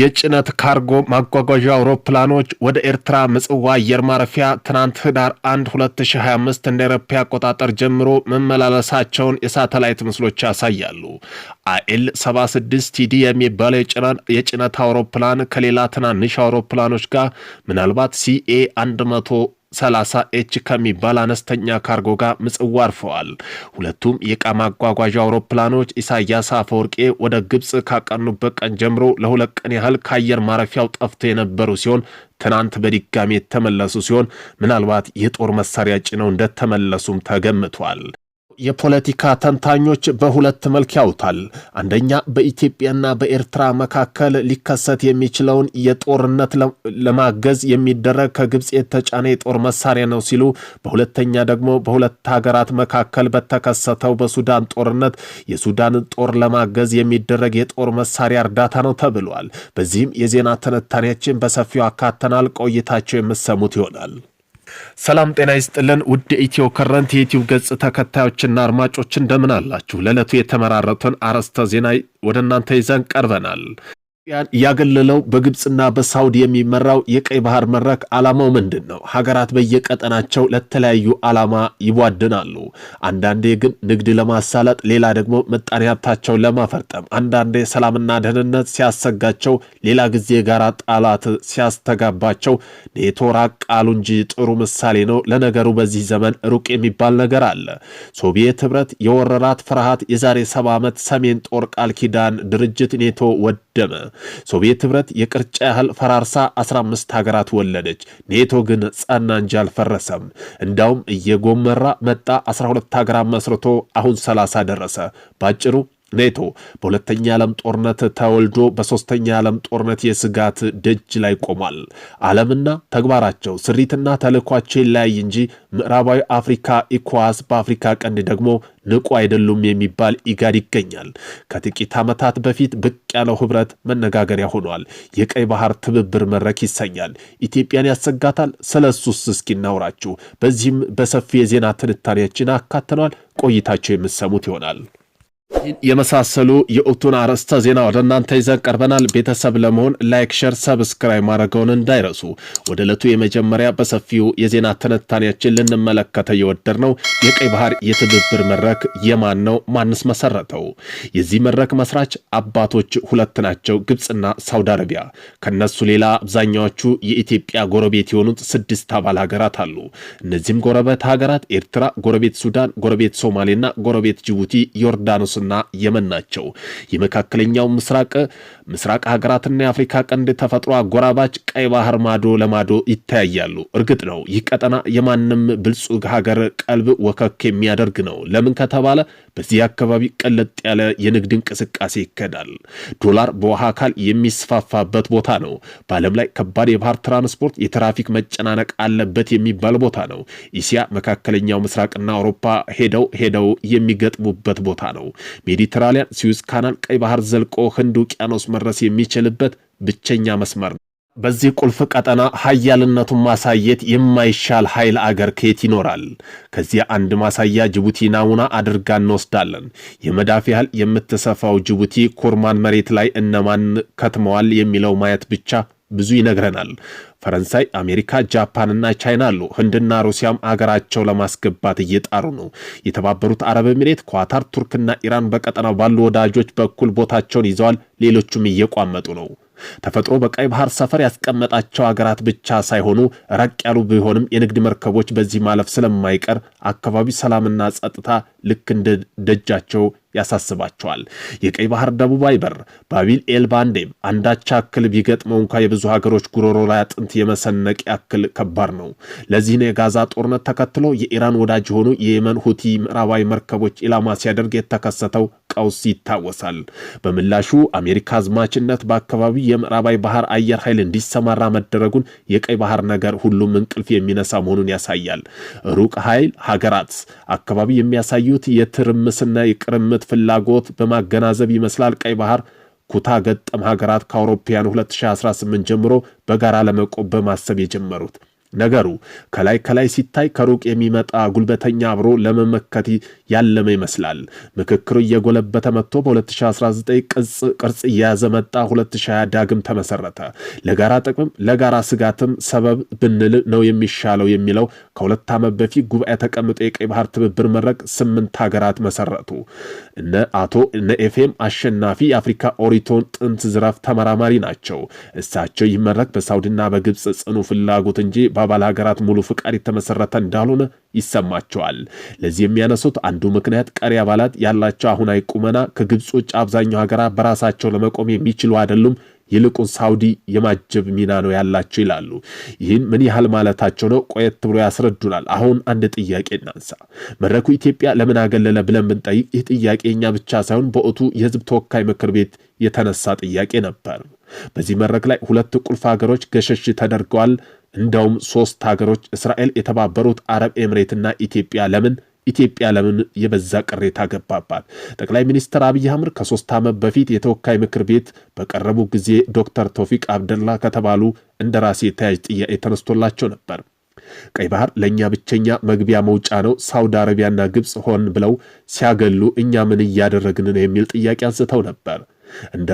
የጭነት ካርጎ ማጓጓዣ አውሮፕላኖች ወደ ኤርትራ ምጽዋ አየር ማረፊያ ትናንት ህዳር 1 2025 እንደ ኤሮፓ አቆጣጠር ጀምሮ መመላለሳቸውን የሳተላይት ምስሎች ያሳያሉ። አኤል 76 ቲዲ የሚባለው የጭነት አውሮፕላን ከሌላ ትናንሽ አውሮፕላኖች ጋር ምናልባት ሲኤ 100 30 ኤች ከሚባል አነስተኛ ካርጎ ጋር ምጽዋ አርፈዋል። ሁለቱም የዕቃ ማጓጓዣ አውሮፕላኖች ኢሳያስ አፈወርቄ ወደ ግብፅ ካቀኑበት ቀን ጀምሮ ለሁለት ቀን ያህል ከአየር ማረፊያው ጠፍተው የነበሩ ሲሆን ትናንት በድጋሚ የተመለሱ ሲሆን ምናልባት የጦር መሳሪያ ጭነው እንደተመለሱም ተገምቷል። የፖለቲካ ተንታኞች በሁለት መልክ ያውታል። አንደኛ በኢትዮጵያና በኤርትራ መካከል ሊከሰት የሚችለውን የጦርነት ለማገዝ የሚደረግ ከግብፅ የተጫነ የጦር መሳሪያ ነው ሲሉ፣ በሁለተኛ ደግሞ በሁለት ሀገራት መካከል በተከሰተው በሱዳን ጦርነት የሱዳን ጦር ለማገዝ የሚደረግ የጦር መሳሪያ እርዳታ ነው ተብሏል። በዚህም የዜና ትንታኔያችን በሰፊው አካተናል። ቆይታቸው የምትሰሙት ይሆናል። ሰላም ጤና ይስጥልን ውድ ኢትዮ ከረንት የዩትዩብ ገጽ ተከታዮችና አድማጮች እንደምን አላችሁ? ለዕለቱ የተመራረቱን አርዕስተ ዜና ወደ እናንተ ይዘን ቀርበናል። ኢትዮጵያን ያገለለው በግብፅና በሳውዲ የሚመራው የቀይ ባህር መድረክ ዓላማው ምንድን ነው? ሀገራት በየቀጠናቸው ለተለያዩ ዓላማ ይቧድናሉ። አንዳንዴ ግን ንግድ ለማሳለጥ፣ ሌላ ደግሞ ምጣኔ ሀብታቸውን ለማፈርጠም፣ አንዳንዴ ሰላምና ደህንነት ሲያሰጋቸው፣ ሌላ ጊዜ የጋራ ጠላት ሲያስተጋባቸው ኔቶ ራቅ አሉ እንጂ ጥሩ ምሳሌ ነው። ለነገሩ በዚህ ዘመን ሩቅ የሚባል ነገር አለ። ሶቪየት ህብረት የወረራት ፍርሃት የዛሬ ሰባ ዓመት ሰሜን ጦር ቃል ኪዳን ድርጅት ኔቶ ወደመ። ሶቪየት ህብረት የቅርጫ ያህል ፈራርሳ 15 ሀገራት ወለደች። ኔቶ ግን ጸና እንጂ አልፈረሰም። እንዳውም እየጎመራ መጣ። 12 ሀገራት መስርቶ አሁን 30 ደረሰ። ባጭሩ ኔቶ በሁለተኛ ዓለም ጦርነት ተወልዶ በሦስተኛ ዓለም ጦርነት የስጋት ደጅ ላይ ቆሟል። ዓለምና ተግባራቸው ስሪትና ተልዕኳቸው ይለያይ እንጂ ምዕራባዊ አፍሪካ ኢኳስ በአፍሪካ ቀንድ ደግሞ ንቁ አይደሉም የሚባል ኢጋድ ይገኛል። ከጥቂት ዓመታት በፊት ብቅ ያለው ኅብረት መነጋገሪያ ሆኗል። የቀይ ባህር ትብብር መድረክ ይሰኛል። ኢትዮጵያን ያሰጋታል። ስለ እሱስ እስኪ እናውራችሁ። በዚህም በሰፊ የዜና ትንታኔያችን አካተኗል። ቆይታቸው የምትሰሙት ይሆናል። የመሳሰሉ የዕለቱን አርዕስተ ዜና ወደ እናንተ ይዘን ቀርበናል። ቤተሰብ ለመሆን ላይክ፣ ሸር፣ ሰብስክራይብ ማድረገውን እንዳይረሱ። ወደ ዕለቱ የመጀመሪያ በሰፊው የዜና ትንታኔያችን ልንመለከተ የወደር ነው የቀይ ባህር የትብብር መድረክ የማን ነው? ማንስ መሰረተው? የዚህ መድረክ መስራች አባቶች ሁለት ናቸው፣ ግብፅና ሳውዲ አረቢያ። ከነሱ ሌላ አብዛኛዎቹ የኢትዮጵያ ጎረቤት የሆኑት ስድስት አባል ሀገራት አሉ። እነዚህም ጎረቤት ሀገራት ኤርትራ፣ ጎረቤት ሱዳን፣ ጎረቤት ሶማሌና ጎረቤት ጅቡቲ፣ ዮርዳኖስ ግብፅና የመን ናቸው። የመካከለኛው ምስራቅ ምስራቅ ሀገራትና የአፍሪካ ቀንድ ተፈጥሮ አጎራባች ቀይ ባህር ማዶ ለማዶ ይተያያሉ። እርግጥ ነው ይህ ቀጠና የማንም ብልጹግ ሀገር ቀልብ ወከክ የሚያደርግ ነው። ለምን ከተባለ በዚህ አካባቢ ቀለጥ ያለ የንግድ እንቅስቃሴ ይከዳል። ዶላር በውሃ አካል የሚስፋፋበት ቦታ ነው። በዓለም ላይ ከባድ የባህር ትራንስፖርት የትራፊክ መጨናነቅ አለበት የሚባል ቦታ ነው። እስያ፣ መካከለኛው ምስራቅና አውሮፓ ሄደው ሄደው የሚገጥሙበት ቦታ ነው። ሜዲትራሊያን ስዊዝ ካናል ቀይ ባህር ዘልቆ ህንድ ውቅያኖስ መድረስ የሚችልበት ብቸኛ መስመር ነው። በዚህ ቁልፍ ቀጠና ሀያልነቱን ማሳየት የማይሻል ኃይል አገር ከየት ይኖራል? ከዚህ አንድ ማሳያ ጅቡቲ ናሙና አድርጋ እንወስዳለን። የመዳፍ ያህል የምትሰፋው ጅቡቲ ኩርማን መሬት ላይ እነማን ከትመዋል የሚለው ማየት ብቻ ብዙ ይነግረናል። ፈረንሳይ፣ አሜሪካ፣ ጃፓንና ቻይና አሉ። ህንድና ሩሲያም አገራቸው ለማስገባት እየጣሩ ነው። የተባበሩት አረብ ኤሚሬት፣ ኳታር፣ ቱርክና ኢራን በቀጠናው ባሉ ወዳጆች በኩል ቦታቸውን ይዘዋል። ሌሎቹም እየቋመጡ ነው። ተፈጥሮ በቀይ ባህር ሰፈር ያስቀመጣቸው አገራት ብቻ ሳይሆኑ ራቅ ያሉ ቢሆንም የንግድ መርከቦች በዚህ ማለፍ ስለማይቀር አካባቢው ሰላምና ጸጥታ ልክ እንደ ደጃቸው ያሳስባቸዋል። የቀይ ባህር ደቡባዊ በር ባቢል ኤልባንዴም አንዳች አክል ቢገጥመው እንኳ የብዙ ሀገሮች ጉሮሮ ላይ አጥንት የመሰነቅ ያክል ከባድ ነው። ለዚህ ነው የጋዛ ጦርነት ተከትሎ የኢራን ወዳጅ የሆኑ የየመን ሁቲ ምዕራባዊ መርከቦች ኢላማ ሲያደርግ የተከሰተው ቀውስ ይታወሳል። በምላሹ አሜሪካ አዝማችነት በአካባቢ የምዕራባዊ ባህር አየር ኃይል እንዲሰማራ መደረጉን የቀይ ባህር ነገር ሁሉም እንቅልፍ የሚነሳ መሆኑን ያሳያል። ሩቅ ኃይል ሀገራት አካባቢ የሚያሳዩት የትርምስና የቅርምት ፍላጎት በማገናዘብ ይመስላል ቀይ ባህር ኩታ ገጠም ሀገራት ከአውሮፓውያን 2018 ጀምሮ በጋራ ለመቆም በማሰብ የጀመሩት ነገሩ ከላይ ከላይ ሲታይ ከሩቅ የሚመጣ ጉልበተኛ አብሮ ለመመከት ያለመ ይመስላል። ምክክሩ እየጎለበተ መጥቶ በ2019 ቅርጽ እየያዘ መጣ። 2020 ዳግም ተመሰረተ። ለጋራ ጥቅም ለጋራ ስጋትም ሰበብ ብንል ነው የሚሻለው የሚለው ከሁለት ዓመት በፊት ጉባኤ ተቀምጦ የቀይ ባህር ትብብር መድረክ ስምንት ሀገራት መሰረቱ። እነ አቶ እነ ኤፍኤም አሸናፊ የአፍሪካ ኦሪቶን ጥንት ዝረፍ ተመራማሪ ናቸው። እሳቸው ይህ መድረክ በሳውዲና በግብፅ ጽኑ ፍላጎት እንጂ በአባል ሀገራት ሙሉ ፍቃድ የተመሰረተ እንዳልሆነ ይሰማቸዋል። ለዚህ የሚያነሱት አንዱ ምክንያት ቀሪ አባላት ያላቸው አሁናዊ ቁመና ከግብፅ ውጭ አብዛኛው ሀገራት በራሳቸው ለመቆም የሚችሉ አይደሉም። ይልቁን ሳውዲ የማጀብ ሚና ነው ያላቸው ይላሉ። ይህን ምን ያህል ማለታቸው ነው? ቆየት ብሎ ያስረዱናል። አሁን አንድ ጥያቄ እናንሳ። መድረኩ ኢትዮጵያ ለምን አገለለ ብለን ብንጠይቅ ይህ ጥያቄ እኛ ብቻ ሳይሆን በወቅቱ የህዝብ ተወካይ ምክር ቤት የተነሳ ጥያቄ ነበር። በዚህ መድረክ ላይ ሁለት ቁልፍ ሀገሮች ገሸሽ ተደርገዋል። እንደውም ሶስት ሀገሮች እስራኤል፣ የተባበሩት አረብ ኤምሬትና ኢትዮጵያ ለምን ኢትዮጵያ ለምን የበዛ ቅሬታ ገባባት? ጠቅላይ ሚኒስትር አብይ አህመድ ከሶስት ዓመት በፊት የተወካይ ምክር ቤት በቀረቡ ጊዜ ዶክተር ቶፊቅ አብደላ ከተባሉ እንደ ራሴ የተያዥ ጥያቄ ተነስቶላቸው ነበር። ቀይ ባህር ለእኛ ብቸኛ መግቢያ መውጫ ነው፣ ሳውዲ አረቢያና ግብፅ ሆን ብለው ሲያገሉ እኛ ምን እያደረግን ነው የሚል ጥያቄ አንስተው ነበር።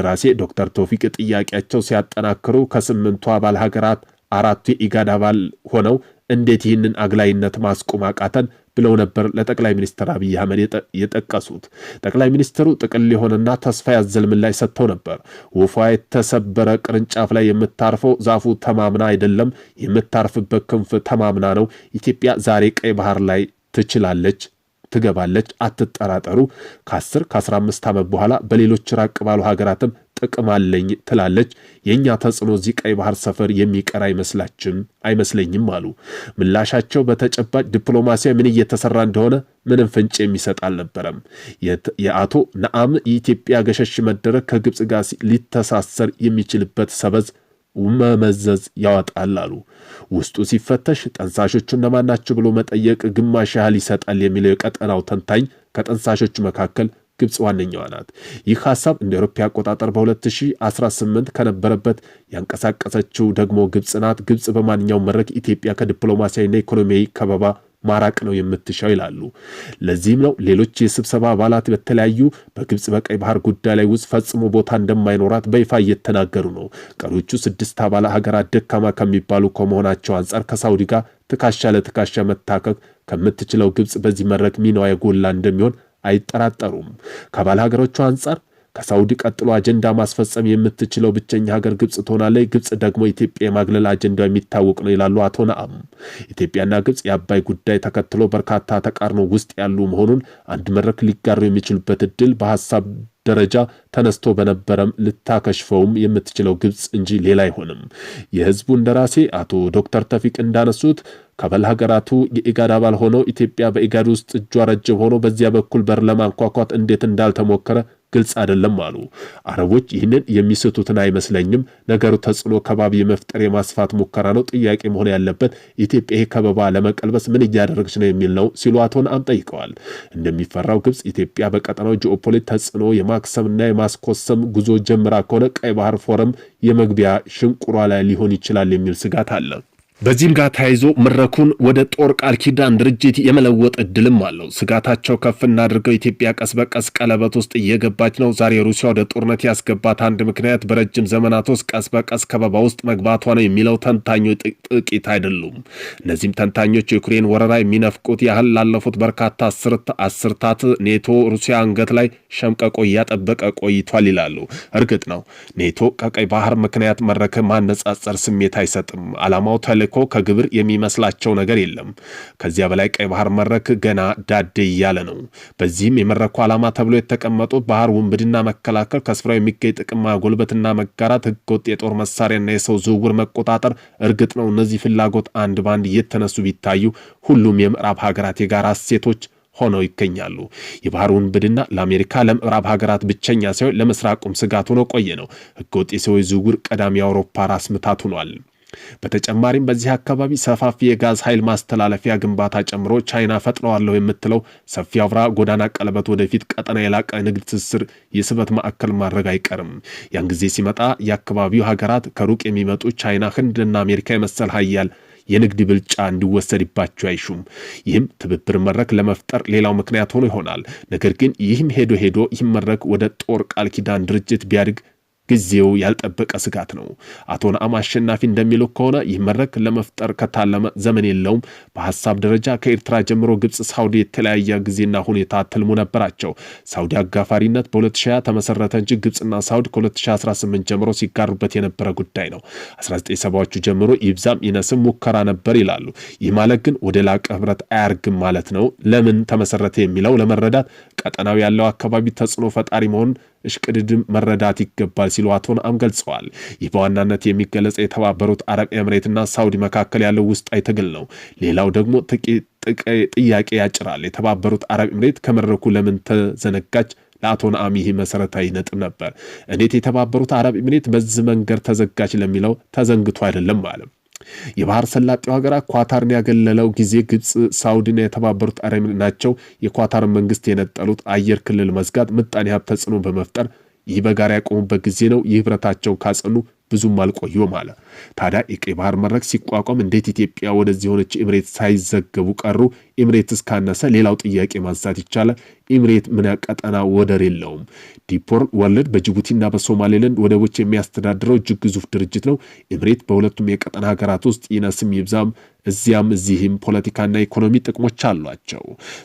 ራሴ ዶክተር ቶፊቅ ጥያቄያቸው ሲያጠናክሩ ከስምንቱ አባል ሀገራት አራቱ የኢጋድ አባል ሆነው እንዴት ይህንን አግላይነት ማስቆም አቃተን ብለው ነበር ለጠቅላይ ሚኒስትር አብይ አህመድ የጠቀሱት። ጠቅላይ ሚኒስትሩ ጥቅል የሆነና ተስፋ ያዘል ምላሽ ሰጥተው ነበር። ወፏ የተሰበረ ቅርንጫፍ ላይ የምታርፈው ዛፉ ተማምና አይደለም፣ የምታርፍበት ክንፍ ተማምና ነው። ኢትዮጵያ ዛሬ ቀይ ባህር ላይ ትችላለች፣ ትገባለች፣ አትጠራጠሩ። ከ10 ከ15 ዓመት በኋላ በሌሎች ራቅ ባሉ ሀገራትም ጥቅም አለኝ ትላለች። የእኛ ተጽዕኖ እዚህ ቀይ ባህር ሰፈር የሚቀር አይመስላችም አይመስለኝም አሉ። ምላሻቸው በተጨባጭ ዲፕሎማሲያ ምን እየተሰራ እንደሆነ ምንም ፍንጭ የሚሰጥ አልነበረም። የአቶ ነአም የኢትዮጵያ ገሸሽ መደረግ ከግብፅ ጋር ሊተሳሰር የሚችልበት ሰበዝ መመዘዝ ያወጣል አሉ። ውስጡ ሲፈተሽ ጠንሳሾቹ እነማን ናቸው ብሎ መጠየቅ ግማሽ ያህል ይሰጣል የሚለው የቀጠናው ተንታኝ ከጠንሳሾቹ መካከል ግብፅ ዋነኛዋ ናት። ይህ ሀሳብ እንደ አውሮፓ አቆጣጠር በ2018 ከነበረበት ያንቀሳቀሰችው ደግሞ ግብፅ ናት። ግብፅ በማንኛውም መድረክ ኢትዮጵያ ከዲፕሎማሲያዊና ኢኮኖሚያዊ ከበባ ማራቅ ነው የምትሻው ይላሉ። ለዚህም ነው ሌሎች የስብሰባ አባላት በተለያዩ በግብፅ በቀይ ባህር ጉዳይ ላይ ውስጥ ፈጽሞ ቦታ እንደማይኖራት በይፋ እየተናገሩ ነው። ቀሪዎቹ ስድስት አባል ሀገራት ደካማ ከሚባሉ ከመሆናቸው አንጻር ከሳውዲ ጋር ትካሻ ለትካሻ መታከክ ከምትችለው ግብፅ በዚህ መድረክ ሚናዋ የጎላ እንደሚሆን አይጠራጠሩም። ከባለ ሀገሮቹ አንጻር ከሳውዲ ቀጥሎ አጀንዳ ማስፈጸም የምትችለው ብቸኛ ሀገር ግብጽ ትሆናለች። ግብጽ ደግሞ ኢትዮጵያ የማግለል አጀንዳ የሚታወቅ ነው ይላሉ አቶ ነአም። ኢትዮጵያና ግብጽ የአባይ ጉዳይ ተከትሎ በርካታ ተቃርኖ ውስጥ ያሉ መሆኑን አንድ መድረክ ሊጋሩ የሚችሉበት እድል በሀሳብ ደረጃ ተነስቶ በነበረም ልታከሽፈውም የምትችለው ግብጽ እንጂ ሌላ አይሆንም። የህዝቡ እንደራሴ አቶ ዶክተር ተፊቅ እንዳነሱት ከበል ሀገራቱ የኢጋድ አባል ሆነው ኢትዮጵያ በኢጋድ ውስጥ እጇ ረጅም ሆኖ በዚያ በኩል በር ለማንኳኳት እንዴት እንዳልተሞከረ ግልጽ አይደለም አሉ። አረቦች ይህንን የሚስቱትን አይመስለኝም። ነገሩ ተጽዕኖ ከባቢ የመፍጠር የማስፋት ሙከራ ነው። ጥያቄ መሆን ያለበት ኢትዮጵያ ከበባ ለመቀልበስ ምን እያደረገች ነው የሚል ነው ሲሉ አቶ ነአም ጠይቀዋል። እንደሚፈራው ግብጽ ኢትዮጵያ በቀጠናው ጂኦፖሊት ተጽዕኖ የማክሰምና የማስኮሰም ጉዞ ጀምራ ከሆነ ቀይ ባህር ፎረም የመግቢያ ሽንቁሯ ላይ ሊሆን ይችላል የሚል ስጋት አለ። በዚህም ጋር ተያይዞ መድረኩን ወደ ጦር ቃል ኪዳን ድርጅት የመለወጥ እድልም አለው። ስጋታቸው ከፍ እናድርገው፣ ኢትዮጵያ ቀስ በቀስ ቀለበት ውስጥ እየገባች ነው። ዛሬ ሩሲያ ወደ ጦርነት ያስገባት አንድ ምክንያት በረጅም ዘመናት ውስጥ ቀስ በቀስ ከበባ ውስጥ መግባቷ ነው የሚለው ተንታኞች ጥቂት አይደሉም። እነዚህም ተንታኞች የዩክሬን ወረራ የሚነፍቁት ያህል ላለፉት በርካታ አስርታት ኔቶ ሩሲያ አንገት ላይ ሸምቀቆ እያጠበቀ ቆይቷል ይላሉ። እርግጥ ነው ኔቶ ከቀይ ባህር ምክንያት መድረክ ማነጻጸር ስሜት አይሰጥም። አላማው ተልክ ተልእኮ ከግብር የሚመስላቸው ነገር የለም። ከዚያ በላይ ቀይ ባህር መድረክ ገና ዳዴ እያለ ነው። በዚህም የመድረኩ ዓላማ ተብሎ የተቀመጡ ባህር ውንብድና መከላከል፣ ከስፍራው የሚገኝ ጥቅም ማጎልበትና መጋራት፣ ህገወጥ የጦር መሳሪያና የሰው ዝውውር መቆጣጠር። እርግጥ ነው እነዚህ ፍላጎት አንድ በአንድ እየተነሱ ቢታዩ ሁሉም የምዕራብ ሀገራት የጋራ እሴቶች ሆነው ይገኛሉ። የባህር ውንብድና ለአሜሪካ ለምዕራብ ሀገራት ብቸኛ ሳይሆን ለምስራቁም ስጋት ሆኖ ቆየ ነው። ህገወጥ የሰዎች ዝውውር ቀዳሚ የአውሮፓ ራስ ምታት ሆኗል። በተጨማሪም በዚህ አካባቢ ሰፋፊ የጋዝ ኃይል ማስተላለፊያ ግንባታ ጨምሮ ቻይና ፈጥረዋለሁ የምትለው ሰፊ አውራ ጎዳና ቀለበት ወደፊት ቀጠና የላቀ ንግድ ትስስር የስበት ማዕከል ማድረግ አይቀርም። ያን ጊዜ ሲመጣ የአካባቢው ሀገራት ከሩቅ የሚመጡ ቻይና፣ ህንድና አሜሪካ የመሰል ሀያል የንግድ ብልጫ እንዲወሰድባቸው አይሹም። ይህም ትብብር መድረክ ለመፍጠር ሌላው ምክንያት ሆኖ ይሆናል። ነገር ግን ይህም ሄዶ ሄዶ ይህም መድረክ ወደ ጦር ቃል ኪዳን ድርጅት ቢያድግ ጊዜው ያልጠበቀ ስጋት ነው። አቶ ነአም አሸናፊ እንደሚሉት ከሆነ ይህ መድረክ ለመፍጠር ከታለመ ዘመን የለውም። በሀሳብ ደረጃ ከኤርትራ ጀምሮ ግብፅ፣ ሳውዲ የተለያየ ጊዜና ሁኔታ ትልሙ ነበራቸው። ሳውዲ አጋፋሪነት በ2020 ተመሰረተ እንጂ ግብፅና ሳውዲ ከ2018 ጀምሮ ሲጋሩበት የነበረ ጉዳይ ነው። 1970ዎቹ ጀምሮ ይብዛም ይነስም ሙከራ ነበር ይላሉ። ይህ ማለት ግን ወደ ላቀ ህብረት አያርግም ማለት ነው። ለምን ተመሰረተ የሚለው ለመረዳት ቀጠናው ያለው አካባቢ ተጽዕኖ ፈጣሪ መሆን እሽቅድድም መረዳት ይገባል ሲሉ አቶ ነአም ገልጸዋል። ይህ በዋናነት የሚገለጽ የተባበሩት አረብ ኤምሬትና ሳውዲ መካከል ያለው ውስጣዊ ትግል ነው። ሌላው ደግሞ ጥያቄ ያጭራል። የተባበሩት አረብ ኤምሬት ከመድረኩ ለምን ተዘነጋች? ለአቶ ነአም ይህ መሰረታዊ ነጥብ ነበር። እንዴት የተባበሩት አረብ ኤምሬት በዚህ መንገድ ተዘጋች ለሚለው ተዘንግቶ አይደለም አለም የባህር ሰላጤው ሀገራት ኳታርን ያገለለው ጊዜ ግብፅ፣ ሳውዲና የተባበሩት አረብ ናቸው። የኳታር መንግስት የነጠሉት አየር ክልል መዝጋት ምጣኔ ሀብት ተጽዕኖ በመፍጠር ይህ በጋራ ያቆሙበት ጊዜ ነው። ይህ ህብረታቸውን ካጸኑ ብዙም አልቆዩም አለ። ታዲያ የቀይ ባህር መድረክ ሲቋቋም እንዴት ኢትዮጵያ ወደዚህ የሆነች ኤምሬት ሳይዘገቡ ቀሩ? ኢምሬት እስካነሰ ሌላው ጥያቄ ማንሳት ይቻላል። ኤምሬት ምን ቀጠና ወደር የለውም። ዲፖር ወርልድ በጅቡቲና በሶማሌላንድ ወደቦች የሚያስተዳድረው እጅግ ግዙፍ ድርጅት ነው። ኤምሬት በሁለቱም የቀጠና ሀገራት ውስጥ ይነስም ይብዛም እዚያም እዚህም ፖለቲካና ኢኮኖሚ ጥቅሞች አሏቸው።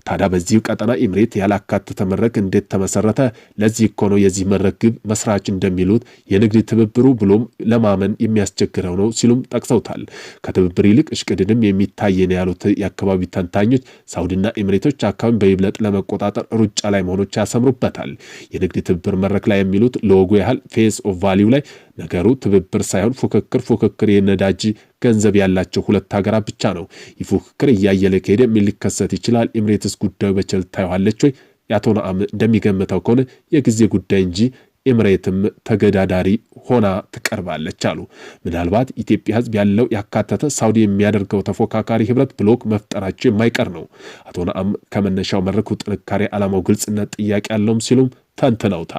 ታዲያ በዚህ ቀጠና ኤምሬት ያላካተተ መድረክ እንዴት ተመሰረተ? ለዚህ እኮ ነው የዚህ መድረክ ግብ መስራች እንደሚሉት የንግድ ትብብሩ ብሎም ለማመን የሚያስቸግር መገናው ነው ሲሉም ጠቅሰውታል። ከትብብር ይልቅ እሽቅድድም የሚታይ ነው ያሉት የአካባቢ ተንታኞች ሳውዲና ኤምሬቶች አካባቢን በይብለጥ ለመቆጣጠር ሩጫ ላይ መሆኖች ያሰምሩበታል። የንግድ ትብብር መድረክ ላይ የሚሉት ሎጎ ያህል ፌስ ኦፍ ቫሊው ላይ ነገሩ ትብብር ሳይሆን ፉክክር ፉክክር የነዳጅ ገንዘብ ያላቸው ሁለት ሀገራት ብቻ ነው። ይህ ፉክክር እያየለ ከሄደ ምን ሊከሰት ይችላል? ኤምሬትስ ጉዳዩ በቸልታ ታየዋለች ወይ? የአቶ ነአም እንደሚገምተው ከሆነ የጊዜ ጉዳይ እንጂ ኤምሬትም ተገዳዳሪ ሆና ትቀርባለች አሉ። ምናልባት ኢትዮጵያ ህዝብ ያለው ያካተተ ሳውዲ የሚያደርገው ተፎካካሪ ህብረት ብሎክ መፍጠራቸው የማይቀር ነው። አቶ ነአም ከመነሻው መድረኩ ጥንካሬ ዓላማው ግልጽነት ጥያቄ ያለውም ሲሉም ተንትነውታል።